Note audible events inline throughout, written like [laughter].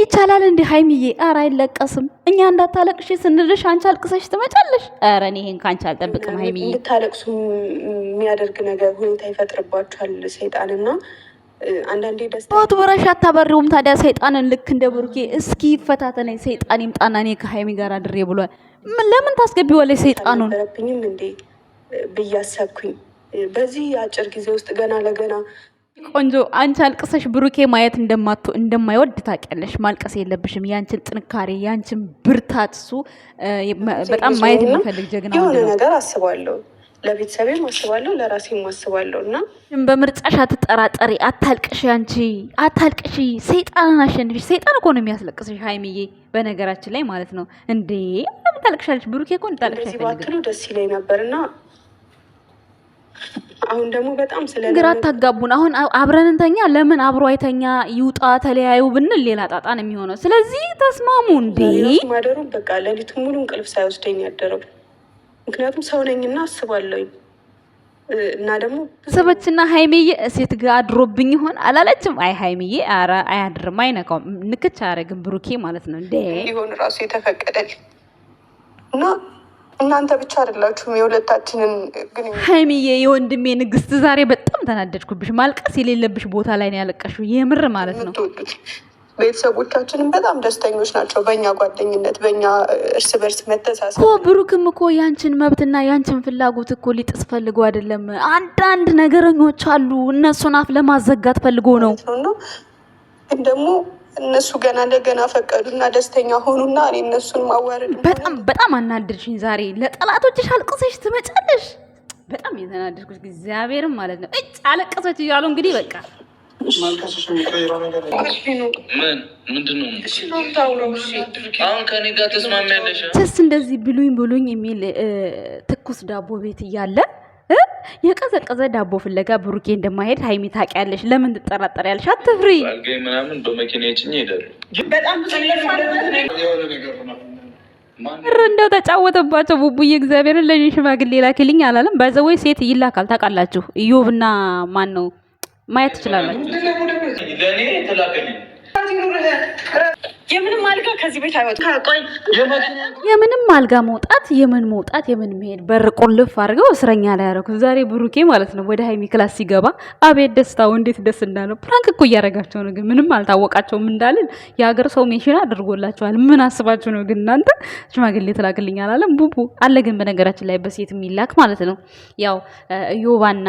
ይቻላል እንዲህ ሀይሚዬ፣ ኧረ አይለቀስም። እኛ እንዳታለቅሽ ስንልሽ አንቺ አልቅሰሽ ትመጫለሽ። ኧረ እኔ ይሄን ከአንቺ አልጠብቅም ሀይሚዬ። እንድታለቅሱ የሚያደርግ ነገር ሁኔታ ይፈጥርባችኋል ሰይጣንና አንዳንዴ ደስታወት ወረሽ አታበሪውም። ታዲያ ሰይጣንን ልክ እንደ ብሩኬ እስኪ ይፈታተነኝ ሰይጣን ይምጣና እኔ ከሀይሚ ጋር አድሬ ብሏል። ለምን ታስገቢዋለሽ ሰይጣኑን? ነበረብኝም እንዴ ብዬ በዚህ የአጭር ጊዜ ውስጥ ገና ለገና ቆንጆ አንቺ አልቅሰሽ ብሩኬ ማየት እንደማቶ እንደማይወድ ታውቂያለሽ። ማልቀስ የለብሽም። ያንቺን ጥንካሬ ያንቺን ብርታት እሱ በጣም ማየት የሚፈልግ ጀግና የሆነ ነገር አስባለሁ። ለቤተሰቤም አስባለሁ፣ ለራሴም አስባለሁ። እና በምርጫሽ አትጠራጠሪ፣ አታልቅሽ፣ አንቺ አታልቅሽ። ሰይጣንን አሸንፍሽ። ሰይጣን እኮ ነው የሚያስለቅስሽ ሀይሚዬ፣ በነገራችን ላይ ማለት ነው እንዴ። ታልቅሻለች ብሩኬ እኮ ባትሉ ደስ ይለኝ ነበር እና አሁን ደግሞ በጣም ስለ ግራ አታጋቡን። አሁን አብረን እንተኛ፣ ለምን አብሮ አይተኛ ይውጣ ተለያዩ ብንል ሌላ ጣጣን የሚሆነው። ስለዚህ ተስማሙ። እንዴ ማደሩ በቃ ለሊቱ ሙሉ እንቅልፍ ሳይወስደኝ ያደረው ምክንያቱም ሰው ነኝና አስባለሁኝ። እና ደግሞ ሰበችና ሀይሜዬ ሴት ጋር አድሮብኝ ይሆን አላለችም። አይ ሀይሜዬ አያድርም፣ አይነካውም፣ ንክች አያደርግም ብሩኬ ማለት ነው። እንዴ ሊሆን ራሱ የተፈቀደል እና እናንተ ብቻ አይደላችሁም የሁለታችንን ግንኙነት። ሀይሚዬ የወንድሜ ንግስት፣ ዛሬ በጣም ተናደድኩብሽ። ማልቀስ የሌለብሽ ቦታ ላይ ነው ያለቀሽው፣ የምር ማለት ነው። ቤተሰቦቻችንም በጣም ደስተኞች ናቸው በእኛ ጓደኝነት፣ በእኛ እርስ በርስ መተሳሰብ ብሩክም እኮ ያንችን መብትና ያንችን ፍላጎት እኮ ሊጥስ ፈልጎ አይደለም። አንዳንድ ነገረኞች አሉ፣ እነሱን አፍ ለማዘጋት ፈልጎ ነው ግን ደግሞ እነሱ ገና ለገና ፈቀዱና ደስተኛ ሆኑና እኔ እነሱን ማዋረድ በጣም በጣም አናደድሽኝ። ዛሬ ለጠላቶችሽ አልቅሰሽ ትመጫለሽ። በጣም የተናደድኩት እግዚአብሔርም ማለት ነው። እጭ አለቀሰች እያሉ እንግዲህ በቃ ስስ እንደዚህ ብሉኝ ብሉኝ የሚል ትኩስ ዳቦ ቤት እያለ የቀዘቀዘ ዳቦ ፍለጋ ብሩኬ እንደማይሄድ ሀይሚ ታውቂያለሽ። ለምን ትጠራጠሪያለሽ? አትፍሪ። ምናምን በመኪና ጭኝ ሄዳሉ። እንደው ተጫወተባቸው ቡቡዬ። እግዚአብሔርን ለእኔ ሽማግሌ ላኪልኝ አላለም። በዘወይ ሴት ይላካል። ታውቃላችሁ፣ እዮብና ማን ነው ማየት ትችላላችሁ። የምንም አልጋ ከዚህ ቤት አይወጣም። የምንም አልጋ መውጣት የምን መውጣት የምን መሄድ በር ቁልፍ አድርገው እስረኛ ላይ ያደረኩት ዛሬ ብሩኬ ማለት ነው። ወደ ሀይሚ ክላስ ሲገባ አቤት ደስታው እንዴት ደስ እንዳለው። ፕራንክ እኮ እያደረጋቸው ነው፣ ግን ምንም አልታወቃቸውም እንዳልን የሀገር ሰው ሜሽን አድርጎላቸዋል። ምን አስባችሁ ነው ግን እናንተ? ሽማግሌ ትላክልኝ አላለም ቡቡ አለ። ግን በነገራችን ላይ በሴት የሚላክ ማለት ነው ያው ዮባና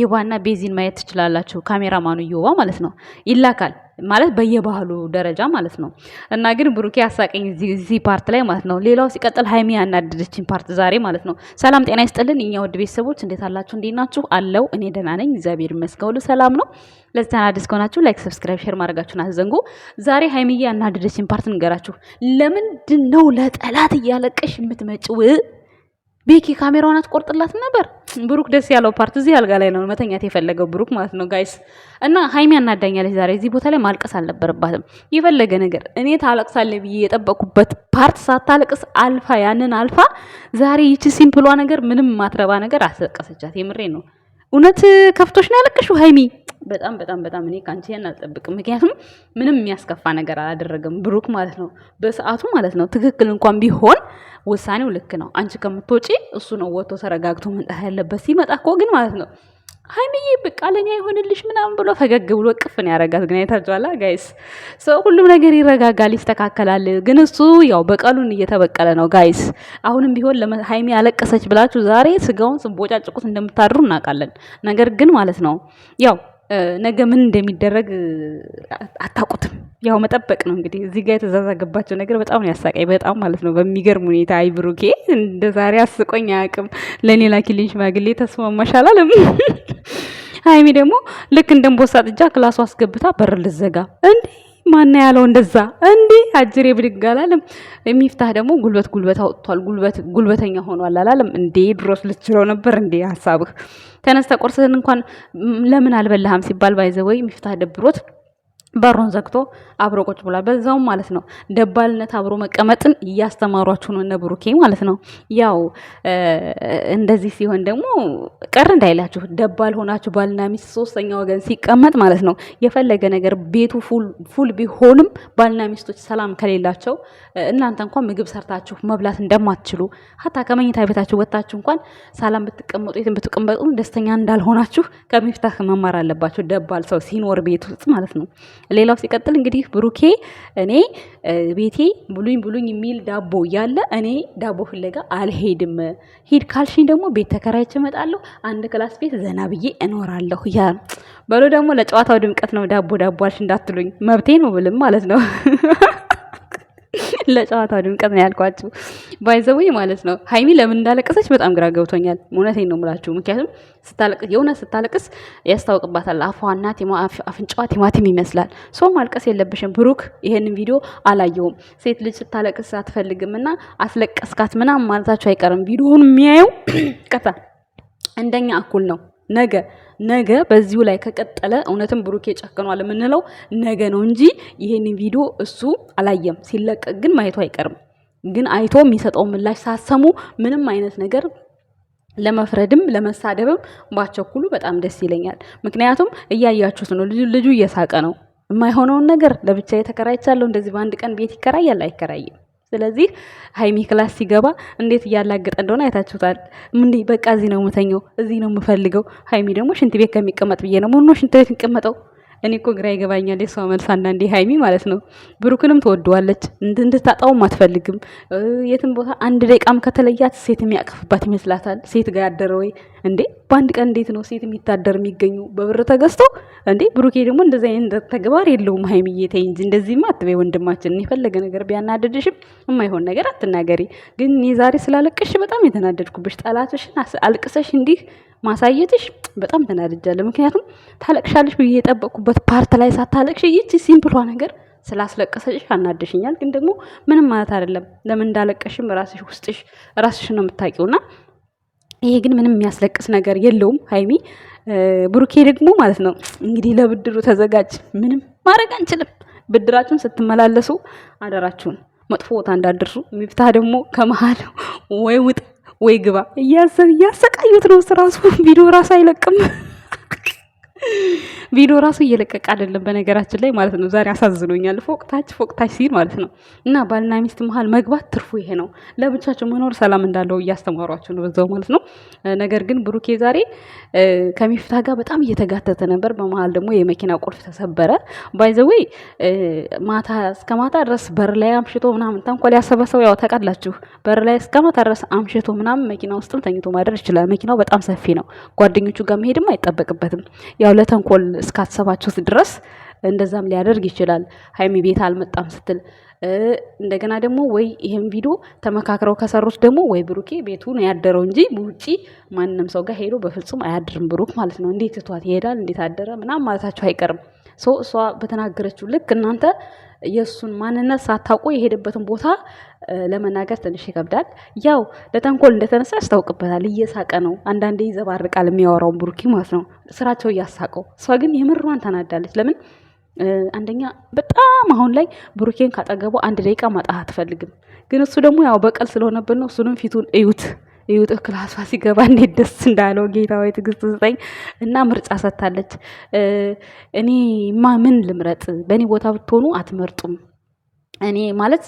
ይባና ቤዚን ማየት ትችላላችሁ። ካሜራማኑ ይባ ማለት ነው ይላካል ማለት በየባህሉ ደረጃ ማለት ነው። እና ግን ብሩኬ አሳቀኝ እዚህ ፓርት ላይ ማለት ነው። ሌላው ሲቀጥል ሀይሚ ያናደደችን ፓርት ዛሬ ማለት ነው። ሰላም ጤና ይስጥልን እኛ ውድ ቤተሰቦች እንዴት አላችሁ? እንዴት ናችሁ? አለው እኔ ደህና ነኝ እግዚአብሔር ይመስገን፣ ሁሉ ሰላም ነው። ለዚህ ቻናል አዲስ ከሆናችሁ ላይክ፣ ሰብስክራይብ፣ ሼር ማድረጋችሁን አትዘንጉ። ዛሬ ሀይሚዬ ያናደደችን ፓርት እንገራችሁ። ለምንድን ነው ለጠላት እያለቀሽ የምትመጪው? ቤኪ ካሜራውን አትቆርጥላት ነበር። ብሩክ ደስ ያለው ፓርት እዚህ አልጋ ላይ ነው መተኛት የፈለገው ብሩክ ማለት ነው ጋይስ። እና ሀይሚ አናዳኛለች ዛሬ። እዚህ ቦታ ላይ ማልቀስ አልነበረባትም። የፈለገ ነገር እኔ ታለቅሳለ ብዬ የጠበቅኩበት ፓርት ሳታለቅስ አልፋ ያንን አልፋ ዛሬ ይቺ ሲምፕሏ ነገር ምንም ማትረባ ነገር አስለቀሰቻት። የምሬ ነው። እውነት ከፍቶች ነው ያለቀሽው ሀይሚ። በጣም በጣም በጣም እኔ ከአንቺ ያን አልጠብቅም። ምክንያቱም ምንም የሚያስከፋ ነገር አላደረገም ብሩክ ማለት ነው፣ በሰዓቱ ማለት ነው። ትክክል እንኳን ቢሆን ውሳኔው ልክ ነው። አንቺ ከምትወጪ እሱ ነው ወጥቶ ተረጋግቶ መምጣት ያለበት። ሲመጣ እኮ ግን ማለት ነው ሀይሚዬ በቃ ለኛ ምናምን ብሎ ፈገግ ብሎ ቅፍን ያረጋት ግን አይታችኋላ ጋይስ። ሰው ሁሉም ነገር ይረጋጋል፣ ይስተካከላል። ግን እሱ ያው በቀሉን እየተበቀለ ነው ጋይስ። አሁንም ቢሆን ሀይሚ ያለቀሰች ብላችሁ ዛሬ ስጋውን ስንቦጫጭቁት እንደምታድሩ እናውቃለን። ነገር ግን ማለት ነው ያው ነገ ምን እንደሚደረግ አታውቁትም። ያው መጠበቅ ነው እንግዲህ። እዚህ ጋር የተዛዛገባቸው ነገር በጣም ነው ያሳቀኝ፣ በጣም ማለት ነው በሚገርም ሁኔታ። አይ ብሩኬ እንደ ዛሬ አስቆኝ አያውቅም። ለእኔ ላኪልኝ ሽማግሌ ተስማማሽ አላለም። [laughs] ሀይሚ ደግሞ ልክ እንደንቦሳ ጥጃ ክላሱ አስገብታ በር ልዘጋ እንዴ ማና ያለው እንደዛ እንዴ አጅሬ ብድግ አላለም። የሚፍታህ ደግሞ ጉልበት ጉልበት አውጥቷል። ጉልበት ጉልበተኛ ሆኗል አላለም እንዴ? ድሮስ ልትችለው ነበር እንዴ? ሀሳብህ ተነስተ እንኳን ለምን አልበላህም ሲባል ባይዘወይ የሚፍታህ ደብሮት በሩን ዘግቶ አብሮ ቁጭ ብሏል። በዛውም ማለት ነው ደባልነት አብሮ መቀመጥን እያስተማሯችሁ ነው እነ ብሩኬ ማለት ነው። ያው እንደዚህ ሲሆን ደግሞ ቀር እንዳይላችሁ ደባል ሆናችሁ ባልና ሚስት ሶስተኛ ወገን ሲቀመጥ ማለት ነው የፈለገ ነገር ቤቱ ፉል ቢሆንም ባልና ሚስቶች ሰላም ከሌላቸው እናንተ እንኳን ምግብ ሰርታችሁ መብላት እንደማትችሉ ሀታ ከመኝታ ቤታችሁ ወጥታችሁ እንኳን ሰላም ብትቀመጡ የትም ብትቀመጡ ደስተኛ እንዳልሆናችሁ ከሚፍታህ መማር አለባችሁ። ደባል ሰው ሲኖር ቤት ውስጥ ማለት ነው። ሌላው ሲቀጥል እንግዲህ ብሩኬ እኔ ቤቴ ብሉኝ ብሉኝ የሚል ዳቦ እያለ እኔ ዳቦ ፍለጋ አልሄድም። ሂድ ካልሽኝ ደግሞ ቤት ተከራይቼ እመጣለሁ፣ አንድ ክላስ ቤት ዘና ብዬ እኖራለሁ እያለ በሎ ደግሞ ለጨዋታው ድምቀት ነው ዳቦ ዳቦ አልሽ እንዳትሉኝ፣ መብቴ ነው ብልም ማለት ነው። [laughs] ለጨዋታው ድምቀት ነው ያልኳችሁ። ባይዘወይ ማለት ነው ሀይሚ ለምን እንዳለቀሰች በጣም ግራ ገብቶኛል። እውነቴን ነው የምላችሁ። ምክንያቱም ስታለቅስ የሆነ ስታለቅስ ያስታውቅባታል። አፏና አፍንጫዋ ቲማቲም ይመስላል። ሰው ማልቀስ የለብሽም ብሩክ። ይሄንን ቪዲዮ አላየውም። ሴት ልጅ ስታለቅስ አትፈልግም እና አስለቀስካት ምናምን ማለታችሁ አይቀርም። ቪዲዮውን የሚያየው [clears throat] ቀታ እንደኛ እኩል ነው ነገ ነገ በዚሁ ላይ ከቀጠለ እውነትም ብሩኬ ጨክኗል የምንለው ነገ ነው እንጂ ይሄንን ቪዲዮ እሱ አላየም። ሲለቀቅ ግን ማየቱ አይቀርም። ግን አይቶ የሚሰጠው ምላሽ ሳሰሙ ምንም አይነት ነገር ለመፍረድም ለመሳደብም ባቸኩሉ በጣም ደስ ይለኛል። ምክንያቱም እያያችሁት ነው፣ ልጁ እየሳቀ ነው። የማይሆነውን ነገር ለብቻ የተከራይቻለሁ እንደዚህ በአንድ ቀን ቤት ይከራያል አይከራይም። ስለዚህ ሀይሚ ክላስ ሲገባ እንዴት እያላገጠ እንደሆነ አይታችሁታል። እንዲህ በቃ እዚህ ነው የምተኘው፣ እዚህ ነው የምፈልገው። ሀይሚ ደግሞ ሽንት ቤት ከሚቀመጥ ብዬ ነው። ምነው ሽንት ቤት የሚቀመጠው እኔ እኮ ግራ ይገባኛል የሷ መልስ አንዳንዴ ሀይሚ ማለት ነው ብሩክንም ትወደዋለች እንድታጣውም አትፈልግም የትም ቦታ አንድ ደቂቃም ከተለያት ሴት የሚያቀፍባት ይመስላታል ሴት ጋር ያደረ ወይ እንዴ በአንድ ቀን እንዴት ነው ሴት የሚታደር የሚገኙ በብር ተገዝቶ እንዴ ብሩኬ ደግሞ እንደዚ አይነት ተግባር የለውም ሀይሚ ተይ እንጂ እንደዚህማ አትበይ ወንድማችን የፈለገ ነገር ቢያናደድሽም የማይሆን ነገር አትናገሪ ግን እኔ ዛሬ ስላለቀሽ በጣም የተናደድኩብሽ ጠላትሽን አልቅሰሽ እንዲህ ማሳየትሽ በጣም ተናድጃለሁ። ምክንያቱም ታለቅሻለሽ ብዬ የጠበቅኩበት ፓርት ላይ ሳታለቅሽ ይቺ ሲምፕሏ ነገር ስላስለቀሰሽ አናደሽኛል። ግን ደግሞ ምንም ማለት አይደለም። ለምን እንዳለቀሽም ራስሽ ውስጥሽ ራስሽ ነው የምታውቂውና ይሄ ግን ምንም የሚያስለቅስ ነገር የለውም። ሀይሚ ብሩኬ ደግሞ ማለት ነው እንግዲህ ለብድሩ ተዘጋጅ። ምንም ማድረግ አንችልም። ብድራችሁን ስትመላለሱ አደራችሁን መጥፎ ቦታ እንዳደርሱ። ሚፍታ ደግሞ ከመሀል ወይ ውጥ ወይ ግባ እያሰቃዩት ነው። ስራሱ ቪዲዮ ራሱ አይለቅም። ቪዲዮ ራሱ እየለቀቀ አይደለም፣ በነገራችን ላይ ማለት ነው። ዛሬ አሳዝኖኛል። ፎቅታች ፎቅታች ሲል ማለት ነው። እና ባልና ሚስት መሀል መግባት ትርፉ ይሄ ነው። ለብቻቸው መኖር ሰላም እንዳለው እያስተማሯቸው ነው በዛው ማለት ነው። ነገር ግን ብሩኬ ዛሬ ከሚፍታ ጋር በጣም እየተጋተተ ነበር። በመሀል ደግሞ የመኪና ቁልፍ ተሰበረ። ባይዘዌ ማታ እስከ ማታ ድረስ በር ላይ አምሽቶ ምናምን ተንኮል ያሰበሰው ያው ታውቃላችሁ። በር ላይ እስከ ማታ ድረስ አምሽቶ ምናምን መኪና ውስጥም ተኝቶ ማደር ይችላል። መኪናው በጣም ሰፊ ነው። ጓደኞቹ ጋር መሄድም አይጠበቅበትም ያው ለተንኮል እስካሰባችሁት ድረስ እንደዛም ሊያደርግ ይችላል። ሀይሚ ቤት አልመጣም ስትል እንደገና ደግሞ ወይ ይሄን ቪዲዮ ተመካክረው ከሰሩት ደግሞ ወይ ብሩኬ ቤቱን ያደረው እንጂ ውጪ ማንም ሰው ጋር ሄዶ በፍጹም አያድርም ብሩክ ማለት ነው። እንዴት ትቷት ይሄዳል? እንዴት አደረ ምናም ማለታቸው አይቀርም። ሶ እሷ በተናገረችው ልክ እናንተ የእሱን ማንነት ሳታውቁ የሄደበትን ቦታ ለመናገር ትንሽ ይከብዳል። ያው ለተንኮል እንደተነሳ ያስታውቅበታል። እየሳቀ ነው አንዳንዴ ይዘባርቃል የሚያወራውን ብሩኪ ማለት ነው። ስራቸው እያሳቀው እሷ ግን የምሯን ተናዳለች። ለምን አንደኛ በጣም አሁን ላይ ብሩኬን ካጠገቡ አንድ ደቂቃ ማጣት አትፈልግም። ግን እሱ ደግሞ ያው በቀል ስለሆነብን ነው። እሱንም ፊቱን እዩት። ይውጥ ክላሷ ሲገባ እንዴት ደስ እንዳለው ጌታ ወይ ስጠኝ። እና ምርጫ ሰጥታለች። እኔ ምን ልምረጥ? በእኔ ቦታ ብትሆኑ አትመርጡም። እኔ ማለት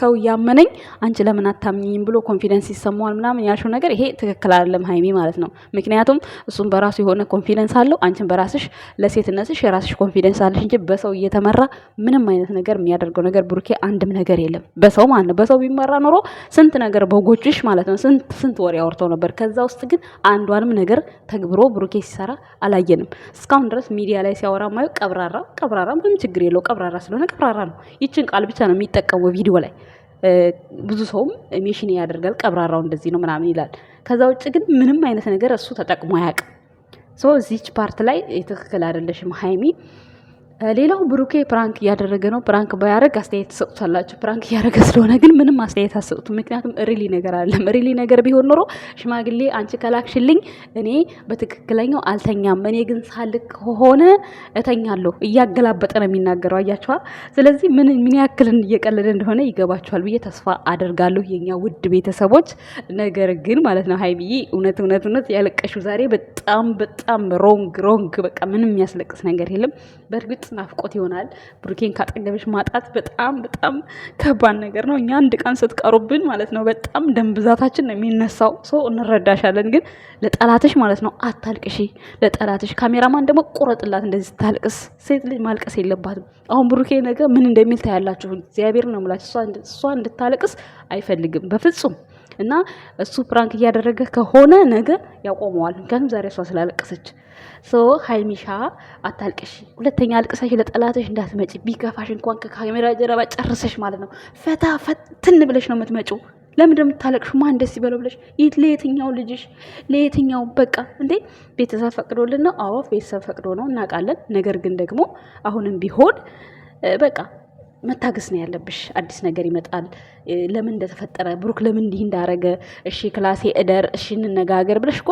ሰው እያመነኝ አንቺ ለምን አታምኝም ብሎ ኮንፊደንስ ይሰማዋል ምናምን ያልሽው ነገር ይሄ ትክክል አይደለም ሀይሚ ማለት ነው። ምክንያቱም እሱም በራሱ የሆነ ኮንፊደንስ አለው። አንቺን በራስሽ ለሴትነትሽ የራስሽ ኮንፊደንስ አለሽ እንጂ በሰው እየተመራ ምንም አይነት ነገር የሚያደርገው ነገር ብሩኬ አንድም ነገር የለም። በሰው ማለት ነው። በሰው ቢመራ ኖሮ ስንት ነገር በጎችሽ ማለት ነው ስንት ስንት ወሬ አውርተው ነበር። ከዛ ውስጥ ግን አንዷንም ነገር ተግብሮ ብሩኬ ሲሰራ አላየንም። እስካሁን ድረስ ሚዲያ ላይ ሲያወራ ማየው ቀብራራ ቀብራራ ምንም ችግር የለው ቀብራራ ስለሆነ ቀብራራ ነው ይችን ቃል ብቻ ነው የሚጠቀመው ቪዲዮ ላይ። ብዙ ሰውም ሜሽን ያደርጋል ቀብራራው እንደዚህ ነው ምናምን ይላል። ከዛ ውጭ ግን ምንም አይነት ነገር እሱ ተጠቅሞ አያውቅም። ሶ እዚች ፓርት ላይ ትክክል አይደለሽም ሀይሚ ሌላው ብሩኬ ፕራንክ እያደረገ ነው። ፕራንክ ባያደረግ አስተያየት ትሰጡታላችሁ። ፕራንክ እያደረገ [laughs] ስለሆነ ግን ምንም አስተያየት አሰጡት። ምክንያቱም ሪሊ ነገር አለም። ሪሊ ነገር ቢሆን ኖሮ ሽማግሌ አንቺ ከላክሽልኝ እኔ በትክክለኛው አልተኛም፣ እኔ ግን ሳልክ ከሆነ እተኛለሁ እያገላበጠ ነው የሚናገረው። አያችኋል። ስለዚህ ምን ምን ያክልን እየቀለደ እንደሆነ ይገባችኋል ብዬ ተስፋ አደርጋለሁ የኛ ውድ ቤተሰቦች። ነገር ግን ማለት ነው ሀይሚዬ እውነት እውነት እውነት ያለቀሹ ዛሬ በጣም በጣም ሮንግ ሮንግ። በቃ ምንም የሚያስለቅስ ነገር የለም በእርግጥ ናፍቆት ይሆናል። ብሩኬን ካጠገብሽ ማጣት በጣም በጣም ከባድ ነገር ነው። እኛ አንድ ቀን ስትቀሩብን ማለት ነው በጣም ደም ብዛታችን ነው የሚነሳው። ሰው እንረዳሻለን፣ ግን ለጠላትሽ ማለት ነው አታልቅሺ። ለጠላትሽ ካሜራማን ደግሞ ቁረጥላት፣ እንደዚህ ስታልቅስ። ሴት ልጅ ማልቀስ የለባትም። አሁን ብሩኬ ነገ ምን እንደሚል ታያላችሁ። እግዚአብሔር ነው የምላችሁ። እሷ እንድታለቅስ አይፈልግም በፍጹም። እና እሱ ፕራንክ እያደረገ ከሆነ ነገ ያቆመዋል። ምክንያቱም ዛሬ እሷ ስላለቀሰች ሶ ሀይሚሻ አታልቅሽ፣ ሁለተኛ አልቅሰሽ ለጠላትሽ እንዳትመጪ። ቢከፋሽ እንኳን ከካሜራ ጀርባ ጨርሰሽ ማለት ነው ፈታ ፈትን ብለሽ ነው የምትመጪው። ለምን እንደምታለቅሽ ማን ደስ ይበለው ብለሽ ለየትኛው ልጅሽ ለየትኛው በቃ እንዴ ቤተሰብ ፈቅዶልን ነው? አዎ ቤተሰብ ፈቅዶ ነው እናውቃለን። ነገር ግን ደግሞ አሁንም ቢሆን በቃ መታገስ ነው ያለብሽ። አዲስ ነገር ይመጣል። ለምን እንደተፈጠረ ብሩክ ለምን እንዲህ እንዳረገ፣ እሺ ክላሴ እደር፣ እሺ እንነጋገር ብለሽ እኮ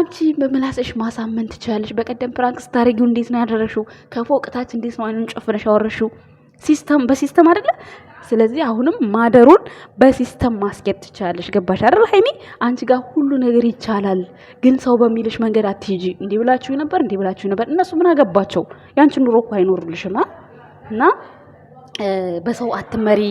አንቺ በምላስሽ ማሳመን ትችላለሽ። በቀደም ፕራንክ ስታደርጊው እንዴት ነው ያደረግሽው? ከፎቅ ታች እንዴት ነው አይኑን ጨፍነሽ ያወረሽው? ሲስተም በሲስተም አይደለ? ስለዚህ አሁንም ማደሩን በሲስተም ማስኬድ ትችላለሽ። ገባሽ አይደል ሀይሚ? አንቺ ጋር ሁሉ ነገር ይቻላል፣ ግን ሰው በሚልሽ መንገድ አትሂጂ። እንዲህ ብላችሁ ነበር፣ እንዲህ ብላችሁ ነበር። እነሱ ምን አገባቸው? ያንቺ ኑሮ እኮ አይኖሩልሽማ እና በሰው አትመሪ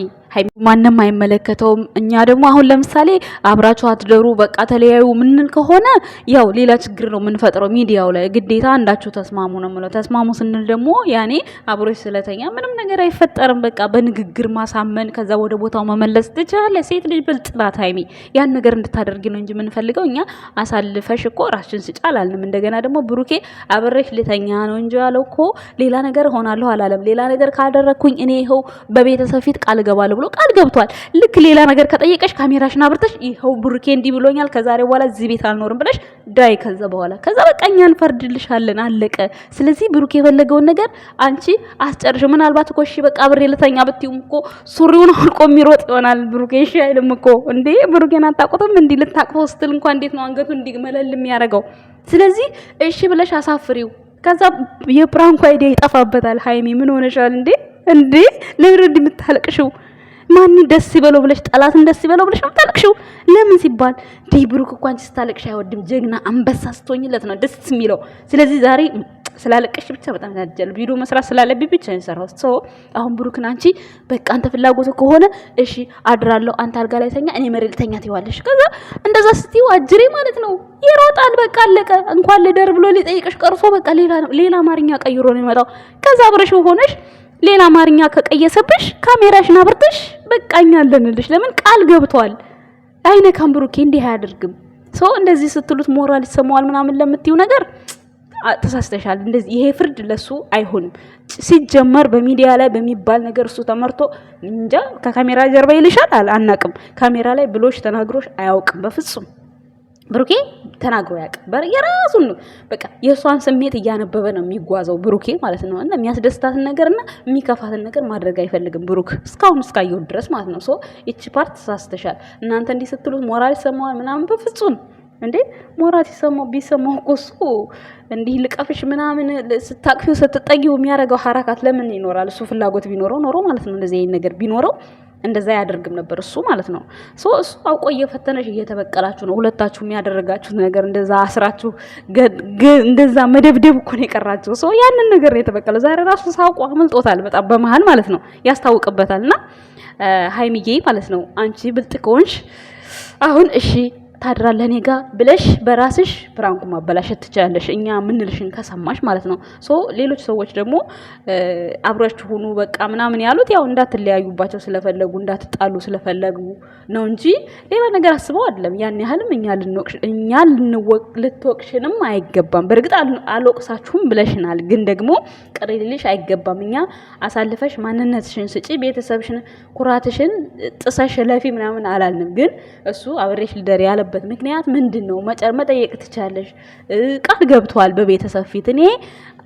ማንም አይመለከተውም። እኛ ደግሞ አሁን ለምሳሌ አብራችሁ አትደሩ በቃ ተለያዩ ምንን ከሆነ ያው ሌላ ችግር ነው የምንፈጥረው ሚዲያው ላይ። ግዴታ አንዳችሁ ተስማሙ ነው የምለው። ተስማሙ ስንል ደግሞ ያኔ አብሮች ስለተኛ ምንም ነገር አይፈጠርም። በቃ በንግግር ማሳመን ከዛ ወደ ቦታው መመለስ ትችላለህ። ሴት ልጅ ብልጥ ናት ሀይሚ። ያን ነገር እንድታደርጊ ነው እንጂ የምንፈልገው እኛ አሳልፈሽ እኮ ራስሽን ስጪ አላልንም። እንደገና ደግሞ ብሩኬ አብሬሽ ልተኛ ነው እንጂ ያለው እኮ ሌላ ነገር እሆናለሁ አላለም። ሌላ ነገር ካደረግኩኝ እኔ ይኸው በቤተሰብ ፊት ቃል እገባለሁ ብሎ ቃል ገብቷል። ልክ ሌላ ነገር ከጠየቀሽ ካሜራሽን አብርተሽ ይኸው ብሩኬ እንዲህ ብሎኛል፣ ከዛሬ በኋላ እዚህ ቤት አልኖርም ብለሽ ዳይ። ከዛ በኋላ ከዛ በቃ እኛ እንፈርድልሻለን፣ አለቀ። ስለዚህ ብሩኬ የፈለገውን ነገር አንቺ አስጨርሽ። ምናልባት እኮ እሺ በቃ ብሬ ልተኛ ብትይውም እኮ ሱሪውን አውልቆ የሚሮጥ ይሆናል ብሩኬ። እሺ አይልም እኮ እንዴ ብሩኬን አታውቁትም? እንዲህ ልታቅፈው ስትል እንኳ እንዴት ነው አንገቱ እንዲህ መለል የሚያደርገው? ስለዚህ እሺ ብለሽ አሳፍሪው። ከዛ የፕራንኩ አይዲያ ይጠፋበታል። ሀይሚ ምን ሆነሻል እንዴ እንዴ ለምንድን የምታለቅሽው? ማን ደስ ይበለው ብለሽ ጠላትን ደስ ይበለው ብለሽ ነው የምታለቅሽው። ለምን ሲባል ዲብሩክ ብሩክ እኮ አንቺ ስታለቅሽ አይወድም። ጀግና አንበሳ ስትሆኝለት ነው ደስ የሚለው። ስለዚህ ዛሬ ስላለቀሽ ብቻ በጣም ታደጃለሁ። ቪዲዮ መስራት ስላለብኝ ብቻ ነው ሶ አሁን ብሩክን አንቺ በቃ አንተ ፍላጎት ከሆነ እሺ አድራለሁ፣ አንተ አልጋ ላይ ተኛ፣ እኔ መሬት ልተኛ ትይዋለሽ። ከዛ እንደዛ ስትይው አጅሬ ማለት ነው ይሮጣል። በቃ አለቀ። እንኳን ልደር ብሎ ሊጠይቅሽ ቀርሶ በቃ ሌላ ሌላ አማርኛ ቀይሮ ነው የሚመጣው። ከዛ አብረሽ ሆነሽ ሌላ አማርኛ ከቀየሰብሽ ካሜራሽን አብርተሽ በቃኛለንልሽ። ለምን ቃል ገብቷል። አይነ ብሩኬ፣ እንዲህ አያደርግም። ሶ እንደዚህ ስትሉት ሞራል ይሰማዋል ምናምን ለምትዩ ነገር ተሳስተሻል። እንደዚህ ይሄ ፍርድ ለሱ አይሆንም። ሲጀመር በሚዲያ ላይ በሚባል ነገር እሱ ተመርቶ እንጃ ከካሜራ ጀርባ ይልሻል አናቅም። ካሜራ ላይ ብሎሽ ተናግሮሽ አያውቅም በፍጹም። ብሩኬ ተናግሮ ያቀበር የራሱን በቃ የእሷን ስሜት እያነበበ ነው የሚጓዘው ብሩኬ ማለት ነው። እና የሚያስደስታትን ነገርና የሚከፋትን ነገር ማድረግ አይፈልግም ብሩክ እስካሁን እስካየሁ ድረስ ማለት ነው። ሶ ይቺ ፓርት ተሳስተሻል። እናንተ እንዲህ ስትሉት ሞራል ይሰማዋል ምናምን፣ በፍጹም እንዴ ሞራል ሲሰማው ቢሰማው እኮ እሱ እንዲህ ልቀፍሽ ምናምን ስታቅፊው ስትጠጊው የሚያደርገው ሀራካት ለምን ይኖራል? እሱ ፍላጎት ቢኖረው ኖሮ ማለት ነው እንደዚህ አይነት ነገር ቢኖረው እንደዛ ያደርግም ነበር እሱ ማለት ነው። ሶ እሱ አውቆ እየፈተነሽ እየተበቀላችሁ ነው ሁለታችሁ። የሚያደረጋችሁት ነገር እንደዛ አስራችሁ እንደዛ መደብደብ እኮ ነው የቀራችሁ። ሶ ያንን ነገር ነው የተበቀለ። ዛሬ ራሱ ሳውቆ አመልጦታል በጣም በመሀል ማለት ነው ያስታውቅበታል። እና ሀይሚዬ ማለት ነው አንቺ ብልጥ ከሆንሽ አሁን እሺ ታድራለህ እኔ ጋ ብለሽ በራስሽ ፍራንኩ ማበላሸት ትችላለሽ፣ እኛ ምንልሽን ከሰማሽ ማለት ነው። ሶ ሌሎች ሰዎች ደግሞ አብራችሁ ሁኑ በቃ ምናምን ያሉት ያው እንዳትለያዩባቸው ስለፈለጉ እንዳትጣሉ ስለፈለጉ ነው እንጂ ሌላ ነገር አስበው አይደለም። ያን ያህልም እኛ እኛ ልትወቅሽንም አይገባም። በእርግጥ አልወቅሳችሁም ብለሽናል፣ ግን ደግሞ ቅር ሊልሽ አይገባም። እኛ አሳልፈሽ ማንነትሽን ስጪ፣ ቤተሰብሽን፣ ኩራትሽን ጥሰሽ ለፊ ምናምን አላልንም። ግን እሱ አብሬሽ ልደር ያለ ያልኩበት ምክንያት ምንድን ነው? መጠየቅ ትቻለሽ። ቃል ገብቷል በቤተሰብ ፊት። እኔ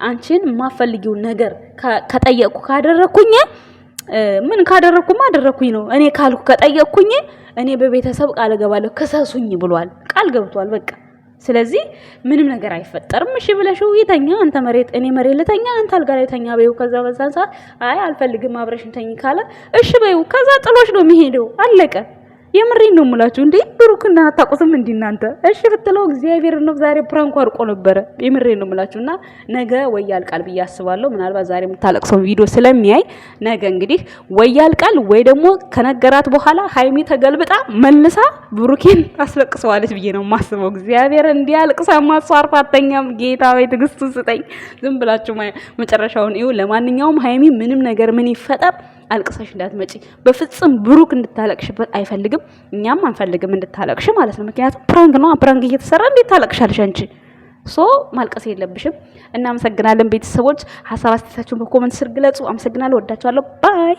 አንቺን የማፈልጊውን ነገር ከጠየቅኩ ካደረግኩኝ ምን ካደረግኩማ አደረግኩኝ ነው። እኔ ካልኩ ከጠየቅኩኝ እኔ በቤተሰብ ቃል እገባለሁ። ክሰሱኝ ብሏል። ቃል ገብቷል በቃ ስለዚህ ምንም ነገር አይፈጠርም። እሺ ብለሽው ይተኛ አንተ መሬት እኔ መሬት ልተኛ አንተ አልጋ ላይ ተኛ በይው። ከዛ በዛን ሰዓት አይ አልፈልግም አብረሽ ተኝ ካለ እሺ በይው። ከዛ ጥሎሽ ነው የሚሄደው አለቀ። የምሬን ነው የምላችሁ። እንዴ ብሩክና አታውቁትም እንዲ እናንተ እሺ ብትለው እግዚአብሔር ነው። ዛሬ ፕራንኩ አርቆ ነበረ። የምሬን ነው የምላችሁ። እና ነገ ወይ ያልቃል ብዬ አስባለሁ። ምናልባት ዛሬ የምታለቅሰው ቪዲዮ ስለሚያይ ነገ እንግዲህ ወይ ያልቃል ወይ ደግሞ ከነገራት በኋላ ሀይሚ ተገልብጣ መልሳ ብሩኬን አስለቅሰዋለች ብዬ ነው ማስበው። እግዚአብሔር እንዲያልቅሳ ማሷር ፋተኛም ጌታ ወይ ትግስቱ ስጠኝ። ዝም ብላችሁ መጨረሻውን ይኸው። ለማንኛውም ሀይሚ ምንም ነገር ምን ይፈጠር አልቅሰሽ እንዳትመጪ። በፍጹም ብሩክ እንድታለቅሽበት አይፈልግም፣ እኛም አንፈልግም እንድታለቅሽ ማለት ነው። ምክንያቱም ፕራንክ ነው፣ ፕራንክ እየተሰራ እንዴት ታለቅሻለሽ አንቺ? ሶ ማልቀስ የለብሽም። እናመሰግናለን ቤተሰቦች። ሀሳብ አስተያየታችሁን በኮመንት ስር ግለጹ። አመሰግናለሁ። ወዳችኋለሁ። ባይ